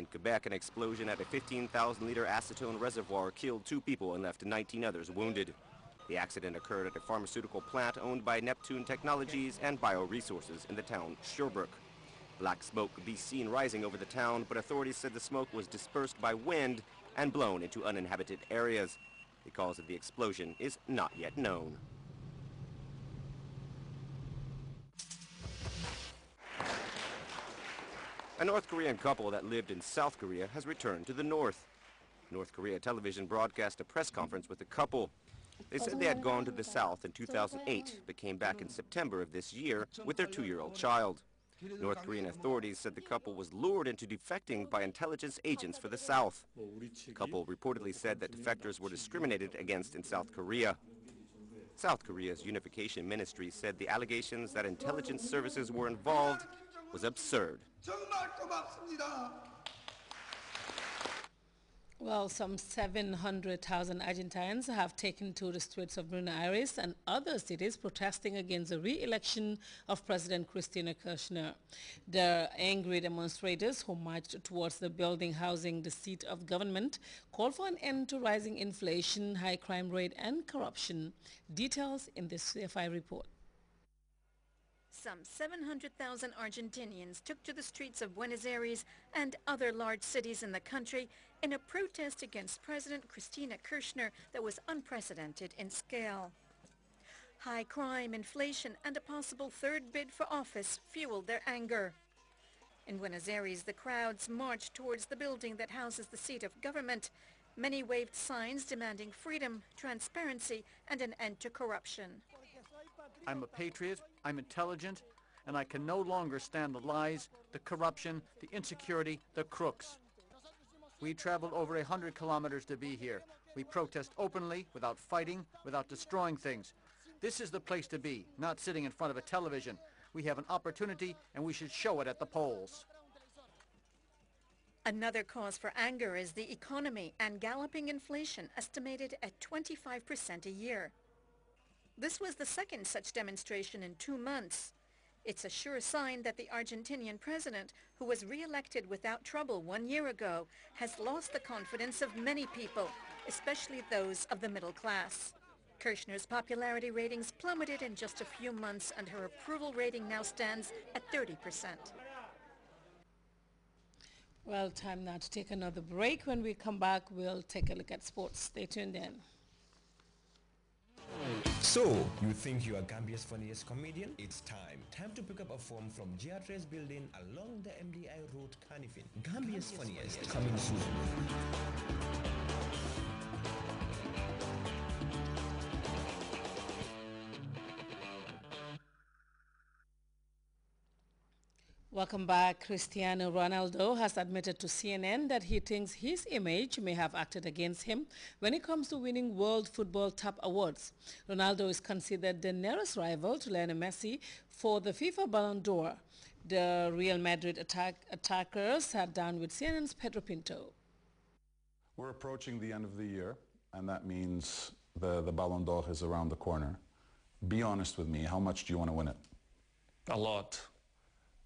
In Quebec, an explosion at a 15,000-liter acetone reservoir killed two people and left 19 others wounded. The accident occurred at a pharmaceutical plant owned by Neptune Technologies and Bioresources in the town Sherbrooke. Black smoke could be seen rising over the town, but authorities said the smoke was dispersed by wind and blown into uninhabited areas. The cause of the explosion is not yet known. A North Korean couple that lived in South Korea has returned to the North. North Korea television broadcast a press conference with the couple. They said they had gone to the South in 2008, but came back in September of this year with their two-year-old child. North Korean authorities said the couple was lured into defecting by intelligence agents for the South. The couple reportedly said that defectors were discriminated against in South Korea. South Korea's unification ministry said the allegations that intelligence services were involved was absurd. Well, some 700,000 Argentines have taken to the streets of Buenos Aires and other cities protesting against the re-election of President Cristina Kirchner. The angry demonstrators who marched towards the building housing the seat of government called for an end to rising inflation, high crime rate and corruption. Details in this CFI report. Some 700,000 Argentinians took to the streets of Buenos Aires and other large cities in the country in a protest against President Cristina Kirchner that was unprecedented in scale. High crime, inflation, and a possible third bid for office fueled their anger. In Buenos Aires, the crowds marched towards the building that houses the seat of government. Many waved signs demanding freedom, transparency, and an end to corruption. I'm a patriot, I'm intelligent, and I can no longer stand the lies, the corruption, the insecurity, the crooks. We traveled over a hundred kilometers to be here. We protest openly, without fighting, without destroying things. This is the place to be, not sitting in front of a television. We have an opportunity, and we should show it at the polls. Another cause for anger is the economy and galloping inflation estimated at 25% a year. This was the second such demonstration in two months. It's a sure sign that the Argentinian president, who was re-elected without trouble one year ago, has lost the confidence of many people, especially those of the middle class. Kirchner's popularity ratings plummeted in just a few months and her approval rating now stands at 30%. Well, time now to take another break. When we come back, we'll take a look at sports. Stay tuned in. So, you think you are Gambia's funniest comedian? It's time. Time to pick up a form from GR3's building along the MDI road, Carnifin. Gambia's, Gambia's funniest, funniest coming soon. Welcome back. Cristiano Ronaldo has admitted to CNN that he thinks his image may have acted against him when it comes to winning World Football Top Awards. Ronaldo is considered the nearest rival to Lionel Messi for the FIFA Ballon d'Or. The Real Madrid attack attacker sat down with CNN's Pedro Pinto. We're approaching the end of the year, and that means the, the Ballon d'Or is around the corner. Be honest with me. How much do you want to win it? A lot.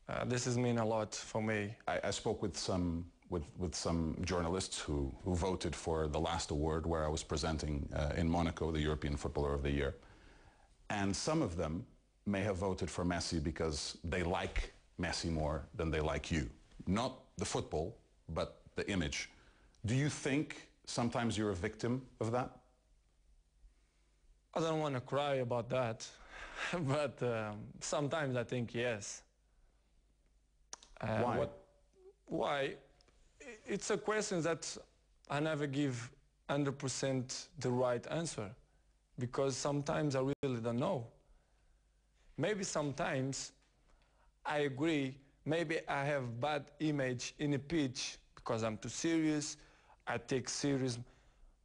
Uh, this has meant a lot for me. I, I spoke with some with, with some journalists who, who voted for the last award where I was presenting uh, in Monaco the European Footballer of the Year. And some of them may have voted for Messi because they like Messi more than they like you. Not the football, but the image. Do you think sometimes you're a victim of that? I don't want to cry about that, but um, sometimes I think yes. Um, why? What, why? It's a question that I never give 100% the right answer because sometimes I really don't know. Maybe sometimes I agree, maybe I have bad image in a pitch because I'm too serious, I take serious.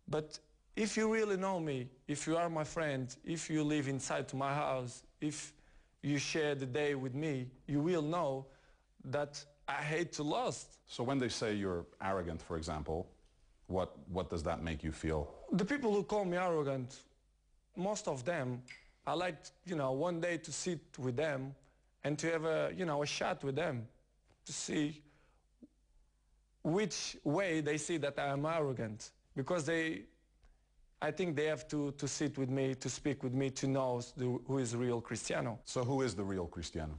But if you really know me, if you are my friend, if you live inside my house, if you share the day with me, you will know that I hate to lust. So when they say you're arrogant, for example, what, what does that make you feel? The people who call me arrogant, most of them, I like, you know, one day to sit with them and to have a, you know, a chat with them to see which way they see that I am arrogant because they, I think they have to, to sit with me, to speak with me, to know the, who is real Cristiano. So who is the real Cristiano?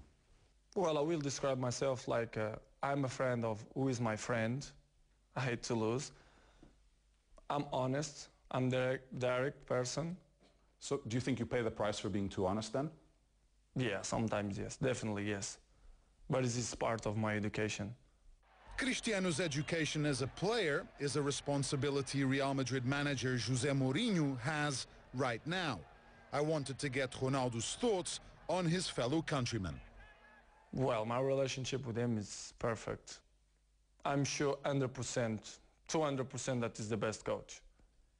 Well, I will describe myself like uh, I'm a friend of who is my friend. I hate to lose. I'm honest. I'm direct, direct person. So do you think you pay the price for being too honest then? Yeah, sometimes yes, definitely yes. But this is part of my education. Cristiano's education as a player is a responsibility Real Madrid manager Jose Mourinho has right now. I wanted to get Ronaldo's thoughts on his fellow countrymen. Well, my relationship with him is perfect. I'm sure 100%, 200% that is the best coach.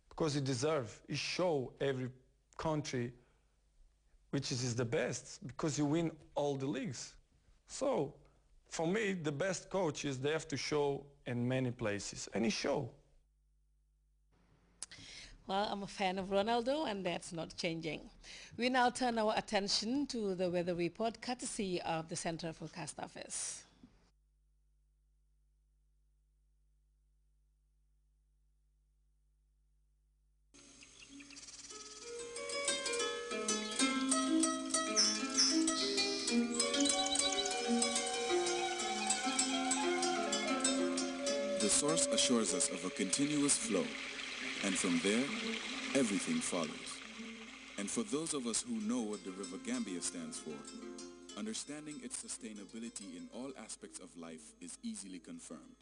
Because he deserves, he show every country which is the best because you win all the leagues. So for me, the best coaches, they have to show in many places. And he show. Well, I'm a fan of Ronaldo, and that's not changing. We now turn our attention to the weather report courtesy of the Central Forecast Office. The source assures us of a continuous flow and from there, everything follows. And for those of us who know what the River Gambia stands for, understanding its sustainability in all aspects of life is easily confirmed.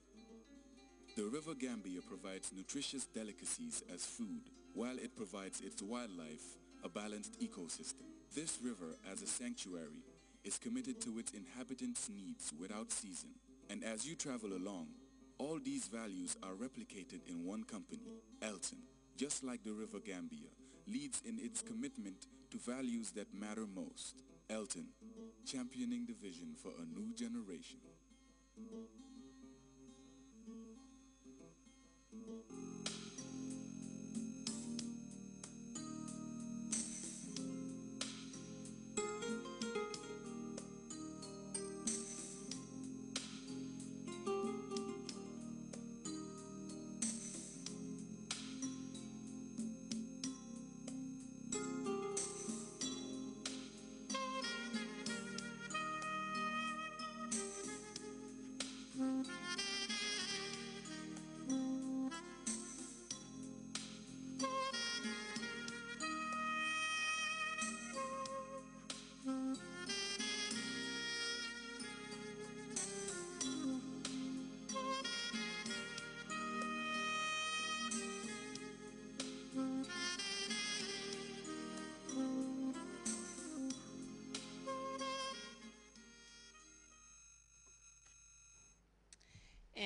The River Gambia provides nutritious delicacies as food, while it provides its wildlife a balanced ecosystem. This river, as a sanctuary, is committed to its inhabitants' needs without season. And as you travel along, all these values are replicated in one company, Elton, just like the River Gambia, leads in its commitment to values that matter most. Elton, championing the vision for a new generation.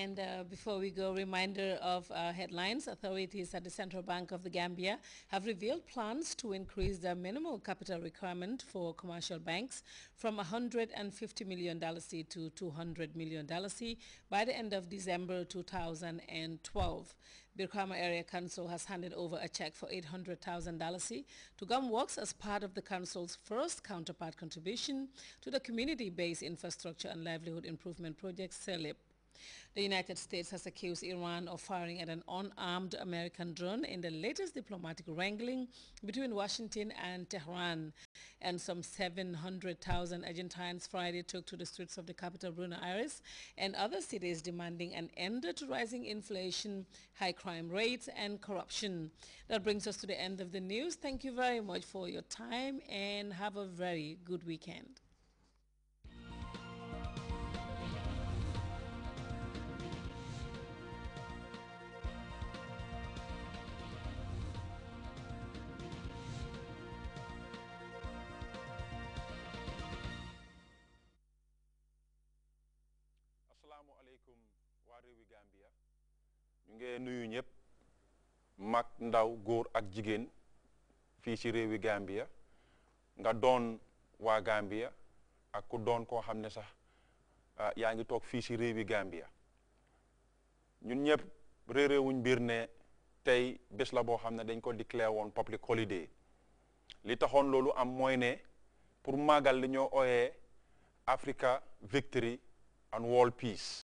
And uh, before we go, reminder of uh, headlines. Authorities at the Central Bank of the Gambia have revealed plans to increase the minimal capital requirement for commercial banks from $150 million to $200 million by the end of December 2012. Birkama Area Council has handed over a check for $800,000 to GumWorks as part of the Council's first counterpart contribution to the Community-Based Infrastructure and Livelihood Improvement Project, CELIP. The United States has accused Iran of firing at an unarmed American drone in the latest diplomatic wrangling between Washington and Tehran. And some 700,000 Argentines Friday took to the streets of the capital Buenos Aires and other cities demanding an end to rising inflation, high crime rates and corruption. That brings us to the end of the news. Thank you very much for your time and have a very good weekend. ñu nuyu ñëpp mag ndaw góor ak jigéen fii ci réewi Gambia nga doon waa Gambia ak ku doon koo xam ne sax ah, yaa ngi toog fii ci réewi Gambia ñun ñëpp réeréewuñ biir ne tey bés la boo xam ne dañ ko déclare woon public holiday li taxoon loolu am mooy ne pour màggal li ñoo ooyee Africa victory and world peace